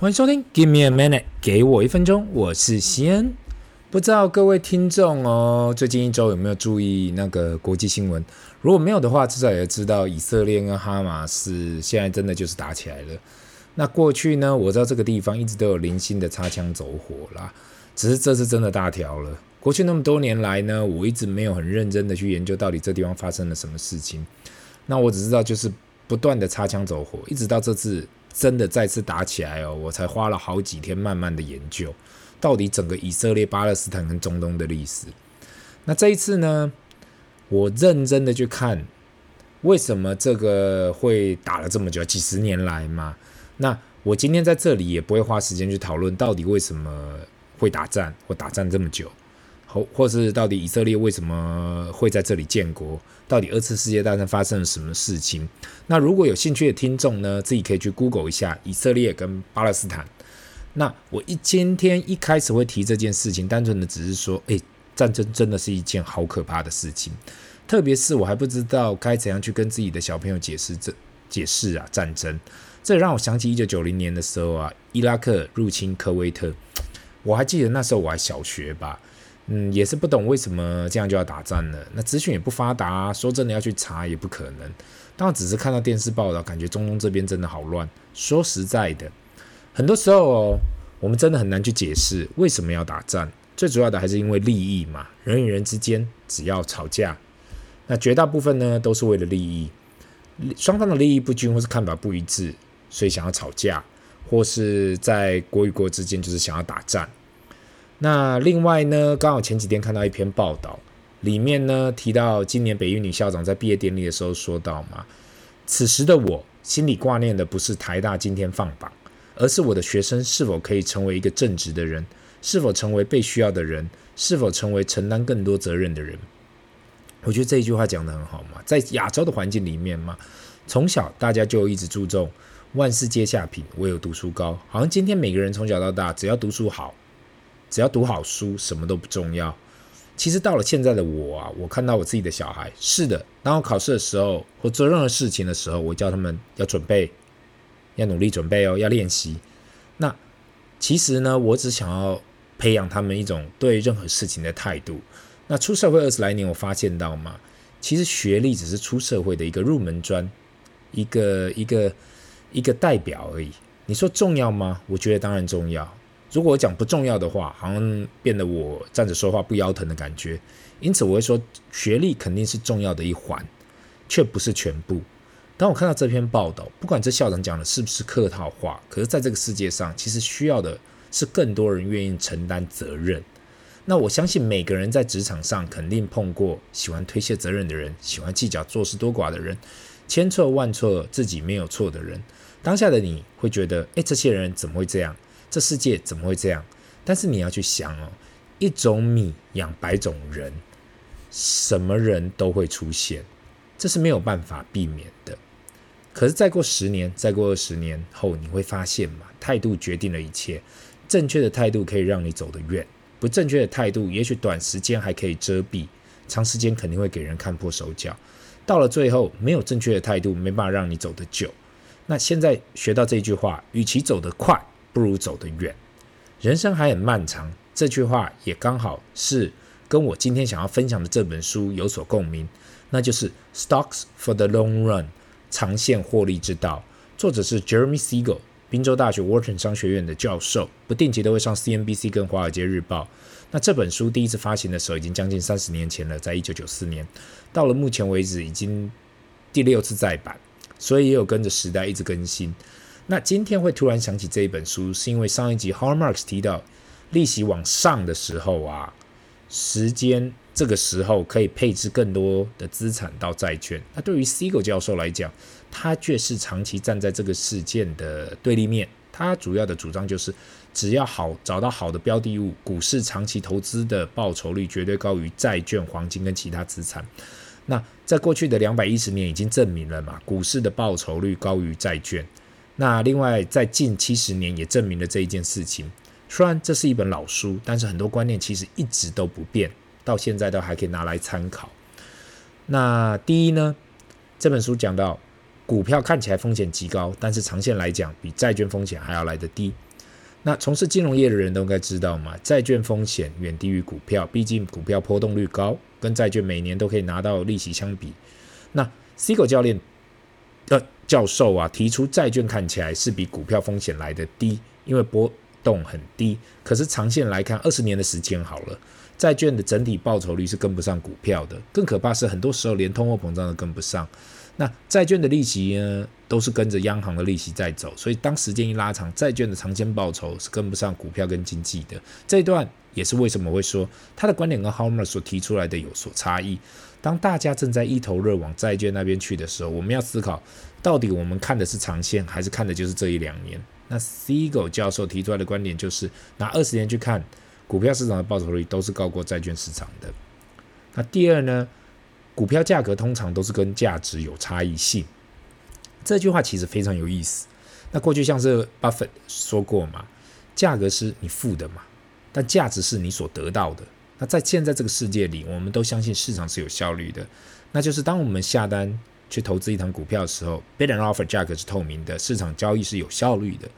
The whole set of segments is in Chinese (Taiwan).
歡迎收聽《Give Me a Minute》，給我一分鐘，我是西恩。不知道各位聽眾哦，最近一周有沒有注意那個國際新聞？如果沒有的話，至少也知道以色列跟哈馬斯現在真的就是打起來了。那過去呢，我知道這個地方一直都有零星的擦槍走火啦，只是這次真的大條了。過去那麼多年來呢，我一直沒有很認真的去研究到底這地方發生了什麼事情。那我只知道就是不斷的擦槍走火，一直到這次。真的再次打起來哦！我才花了好幾天慢慢的研究，到底整個以色列、巴勒斯坦跟中東的歷史。那這一次呢，我認真的去看，為什麼這個會打了這麼久，幾十年來嘛。那我今天在這裡也不會花時間去討論到底為什麼會打仗或打仗這麼久。或是到底以色列為什麼會在這裡建國？到底二次世界大戰發生了什麼事情？那如果有興趣的聽眾呢，自己可以去 Google 一下以色列跟巴勒斯坦。那我一今天一開始會提這件事情，單純的只是說，誒、欸，戰爭真的是一件好可怕的事情。特別是我還不知道該怎樣去跟自己的小朋友解釋，這解釋啊，戰爭。這讓我想起一九九零年的時候啊，伊拉克入侵科威特。我還記得那時候我還小學吧。嗯，也是不懂為什麼這樣就要打仗了。那資訊也不發達啊，說真的要去查也不可能。當只是看到電視報道感覺中東這邊真的好亂。說實在的，很多時候哦，我們真的很難去解釋為什麼要打仗。最主要的還是因為利益嘛。人與人之間只要吵架，那絕大部分呢都是為了利益。雙方的利益不均或是看法不一致，所以想要吵架，或是在國與國之間就是想要打仗。那另外呢，剛好前幾天看到一篇報道裡面呢提到今年北一女校長在畢業典禮的時候說到嘛，此時的我心裡掛念的不是台大今天放榜，而是我的學生是否可以成為一個正直的人，是否成為被需要的人，是否成為承擔更多責任的人。我覺得這一句話講得很好嘛，在亞洲的環境裡面嘛，從小大家就一直注重萬事皆下品，唯有讀書高，好像今天每個人從小到大只要讀書好。只要讀好書，什麼都不重要。其實到了現在的我啊，我看到我自己的小孩，是的。當我考試的時候或做任何事情的時候，我叫他們要準備，要努力準備哦，要練習。那其實呢，我只想要培養他們一種對任何事情的態度。那出社會二十來年，我發現到嘛，其實學歷只是出社會的一個入門磚，一個一個一個代表而已。你說重要嗎？我覺得當然重要。如果我講不重要的話，好像變得我站着說話不腰疼的感覺。因此，我會說學歷肯定是重要的一環，卻不是全部。當我看到這篇報道，不管這校長講的是不是客套話，可是在這個世界上，其實需要的是更多人願意承擔責任。那我相信每個人在職場上肯定碰過喜歡推卸責任的人，喜歡計較做事多寡的人，千錯萬錯自己沒有錯的人。當下的你會覺得，哎，這些人怎麼會這樣？這世界怎麼會這樣？但是你要去想哦，一種米養百種人，什麼人都會出現，這是沒有辦法避免的。可是再過十年、再過二十年後，你會發現嘛，態度決定了一切，正確的態度可以讓你走得遠，不正確的態度，也許短時間還可以遮蔽，長時間肯定會給人看破手腳。到了最後，沒有正確的態度，沒辦法讓你走得久。那現在學到這句話，與其走得快。不如走得遠，人生還很漫長。這句話也剛好是跟我今天想要分享的這本書有所共鳴，那就是《Stocks for the Long Run》長線獲利之道。作者是 Jeremy Siegel，賓州大學沃頓商學院的教授，不定期都會上 CNBC 跟華爾街日報。那這本書第一次發行的時候已經將近三十年前了，在一九九四年，到了目前為止已經第六次再版，所以也有跟着時代一直更新。那今天會突然想起這一本書，是因為上一集 Howard Marks 提到利息往上的時候啊，時間這個時候可以配置更多的資產到債券。那對於 Siegel 教授來講，他卻是長期站在這個事件的對立面。他主要的主張就是，只要好找到好的標的物，股市長期投資的報酬率絕對高於債券、黃金跟其他資產。那在過去的兩百一十年已經證明了嘛，股市的報酬率高於債券。那另外，在近七十年也證明了這一件事情。雖然這是一本老書，但是很多觀念其實一直都不變，到現在都還可以拿來參考。那第一呢，這本書講到，股票看起來風險極高，但是長線來講，比債券風險還要來得低。那從事金融業的人都應該知道嘛，債券風險遠低於股票，畢竟股票波動率高，跟債券每年都可以拿到利息相比，那 C 狗教練。呃，教授啊，提出債券看起來是比股票風險來得低，因為波動很低。可是長線來看，二十年的時間好了，債券的整體報酬率是跟不上股票的。更可怕是，很多時候連通貨膨脹都跟不上。那債券的利息呢，都是跟着央行的利息在走。所以當時間一拉長，債券的長線報酬是跟不上股票跟經濟的。這一段。也是為什麼會說他的觀點跟 Homer 所提出來的有所差異。當大家正在一頭熱往債券那邊去的時候，我們要思考，到底我們看的是長線，還是看的就是這一兩年？那 Siegel 教授提出來的觀點就是，拿二十年去看，股票市場的報酬率都是高過債券市場的。那第二呢，股票價格通常都是跟價值有差異性。這句話其實非常有意思。那過去像是 Buffett 說過嘛，價格是你付的嘛。但價值是你所得到的。那在現在這個世界裡，我們都相信市場是有效率的。那就是當我們下單去投資一檔股票的時候，bid and offer 價格是透明的，市場交易是有效率的。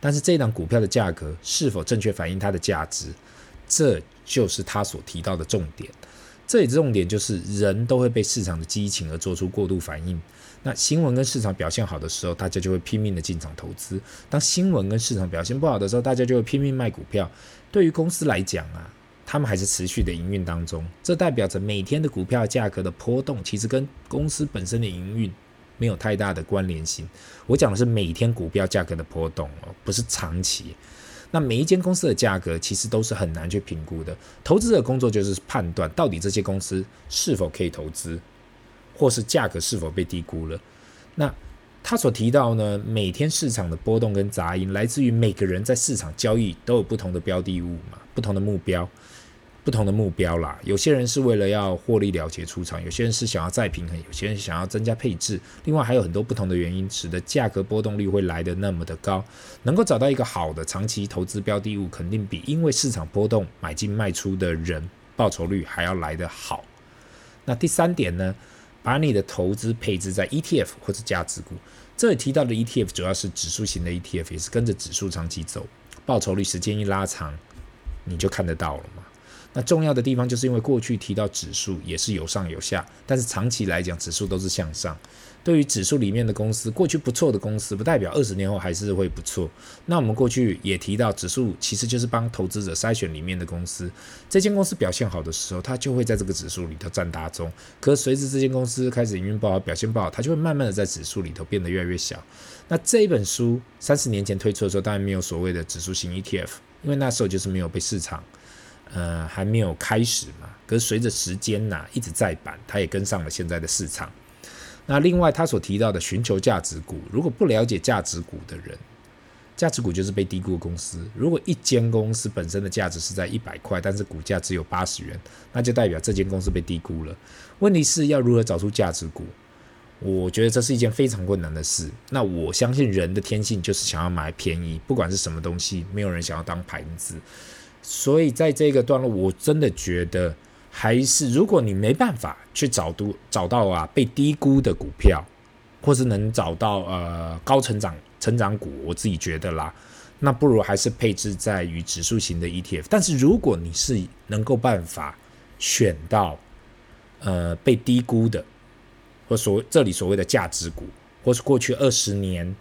但是這檔股票的價格是否正確反映它的價值，這就是他所提到的重點。這裡重點就是，人都會被市場的激情而做出過度反應。那新聞跟市場表現好的時候，大家就會拼命的進場投資；當新聞跟市場表現不好的時候，大家就會拼命賣股票。對於公司來講啊，他們還是持續的營運當中，這代表着每天的股票價格的波動，其實跟公司本身的營運沒有太大的關聯性。我講的是每天股票價格的波動哦，不是長期。那每一間公司的價格其實都是很難去評估的，投資者工作就是判斷到底這些公司是否可以投資，或是價格是否被低估了。那他所提到呢，每天市場的波動跟雜音來自於每個人在市場交易都有不同的標的物嘛，不同的目標。不同的目標啦，有些人是為了要獲利了結出場，有些人是想要再平衡，有些人想要增加配置，另外還有很多不同的原因，使得價格波動率會來得那麼的高。能夠找到一個好的長期投資標的物，肯定比因為市場波動買進賣出的人報酬率還要來得好。那第三點呢，把你的投資配置在 ETF 或者價值股。這裡提到的 ETF 主要是指數型的 ETF，也是跟着指數長期走，報酬率時間一拉長，你就看得到了嘛。那重要的地方就是因為過去提到指數也是有上有下，但是長期來講指數都是向上。對於指數裡面的公司，過去不錯的公司不代表二十年後還是會不錯。那我們過去也提到，指數其實就是幫投資者篩選裡面的公司。這間公司表現好的時候，它就會在這個指數裡頭佔大宗。可隨着這間公司開始營運不好，表現不好，它就會慢慢的在指數裡頭變得越來越小。那這一本書三十年前推出的時候，當然沒有所謂的指數型 ETF，因為那時候就是沒有被市場。呃，還沒有開始嘛？可是隨着時間吶、啊，一直再版，它也跟上了現在的市場。那另外，他所提到的尋求價值股，如果不了解價值股的人，價值股就是被低估的公司。如果一間公司本身的價值是在一百塊，但是股價只有八十元，那就代表這間公司被低估了。問題是要如何找出價值股？我覺得這是一件非常困難的事。那我相信人的天性就是想要買便宜，不管是什麼東西，沒有人想要當盤子。所以在這個段落，我真的覺得還是，如果你沒辦法去找都找到啊被低估的股票，或是能找到呃高成長成長股，我自己覺得啦，那不如還是配置在於指數型的 ETF。但是如果你是能夠辦法選到呃被低估的，或所這裡所謂的價值股，或是過去二十年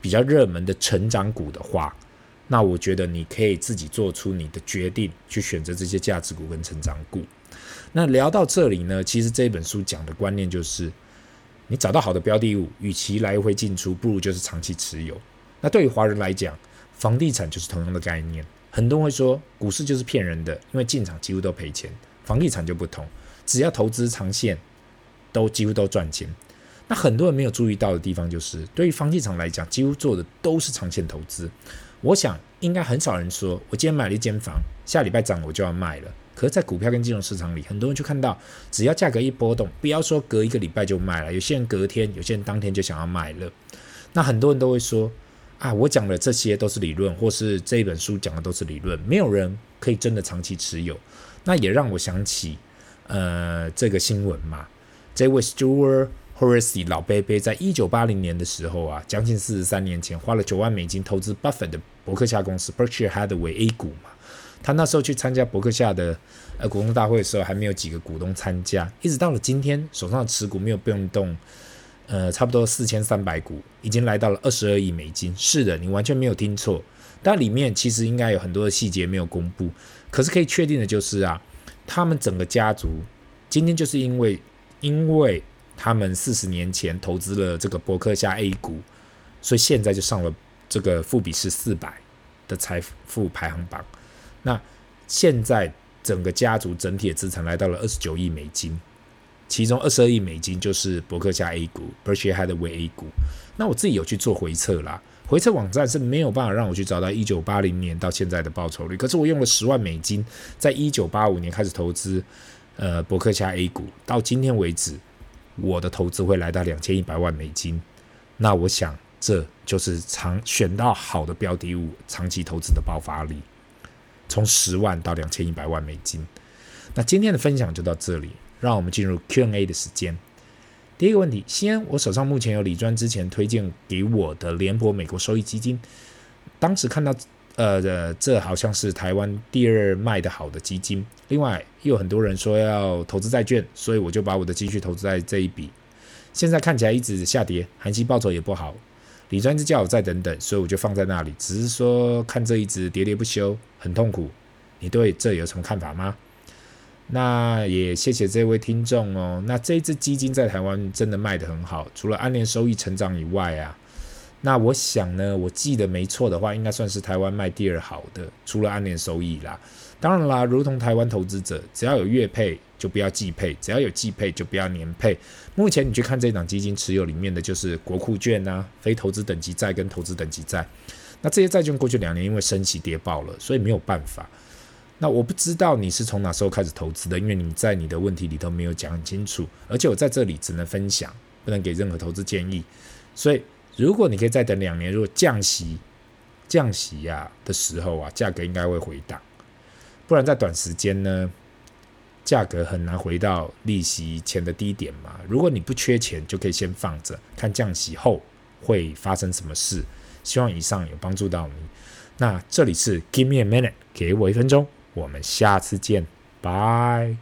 比較熱門的成長股的話。那我覺得你可以自己做出你的決定，去選擇這些價值股跟成長股。那聊到這裡呢，其實這本書講的觀念就是，你找到好的標的物，與其來回進出，不如就是長期持有。那對於華人來講，房地產就是同樣的概念。很多人會說股市就是騙人的，因為進場幾乎都賠錢，房地產就不同，只要投資長線，都幾乎都賺錢。那很多人沒有注意到的地方就是，對於房地產來講，幾乎做的都是長線投資。我想應該很少人說，我今天買了一間房，下禮拜漲我就要賣了。可是，在股票跟金融市場裡，很多人就看到，只要價格一波動，不要說隔一個禮拜就賣了，有些人隔天，有些人當天就想要賣了。那很多人都會說，啊，我講的這些都是理論，或是這一本書講的都是理論，沒有人可以真的長期持有。那也讓我想起，呃，這個新聞嘛，這位 Stewart。h orace 老伯伯在一九八零年的時候啊，將近四十三年前，花了九萬美金投資 Buffett 的伯克夏公司。Berkshire Hathaway A 股嘛，他那時候去參加伯克夏的呃股東大會的時候，還沒有幾個股東參加，一直到了今天，手上的持股沒有變動，呃，差不多四千三百股，已經來到了二十二億美金。是的，你完全沒有聽錯，但裡面其實應該有很多的細節沒有公布。可是可以確定的就是啊，他們整個家族今天就是因為因為他們四十年前投資了這個伯克夏 A 股，所以現在就上了這個富比士四百的財富排行榜。那現在整個家族整體的資產來到了二十九億美金，其中二十二億美金就是伯克夏 A 股，Berkshire Hathaway A 股。那我自己有去做回測啦，回測網站是沒有辦法讓我去找到一九八零年到現在的報酬率，可是我用了十萬美金，在一九八五年開始投資，呃，伯克夏 A 股到今天為止。我的投資會來到兩千一百萬美金，那我想這就是長選到好的標的物，長期投資的爆發力，從十萬到兩千一百萬美金。那今天的分享就到這裡，讓我們進入 Q&A 的時間。第一個問題，西安，我手上目前有理專之前推薦給我的聯博美國收益基金，當時看到。呃，這好像是台灣第二賣的好的基金。另外，有很多人說要投資債券，所以我就把我的積蓄投資在這一筆。現在看起來一直下跌，含息報酬也不好。李專家叫我再等等，所以我就放在那裡。只是說看這一支跌跌不休，很痛苦。你對這有什麼看法嗎？那也謝謝這位聽眾哦。那這一支基金在台灣真的賣得很好，除了安聯收益成長以外啊。那我想呢，我記得沒錯的話，應該算是台灣賣第二好的，除了安聯收益啦。當然啦，如同台灣投資者，只要有月配就不要季配，只要有季配就不要年配。目前你去看這檔基金持有裡面的就是國庫券啊、非投資等級債跟投資等級債。那這些債券過去兩年因為升息跌爆了，所以沒有辦法。那我不知道你是從哪時候開始投資的，因為你在你的問題裡頭沒有講很清楚，而且我在這裡只能分享，不能給任何投資建議，所以。如果你可以再等兩年，如果降息，降息呀、啊、的時候啊，價格應該會回檔。不然在短時間呢，價格很難回到利息前的低點嘛。如果你不缺錢，就可以先放着，看降息後會發生什麼事。希望以上有幫助到你。那這裡是 Give me a minute，給我一分鐘，我們下次見，拜。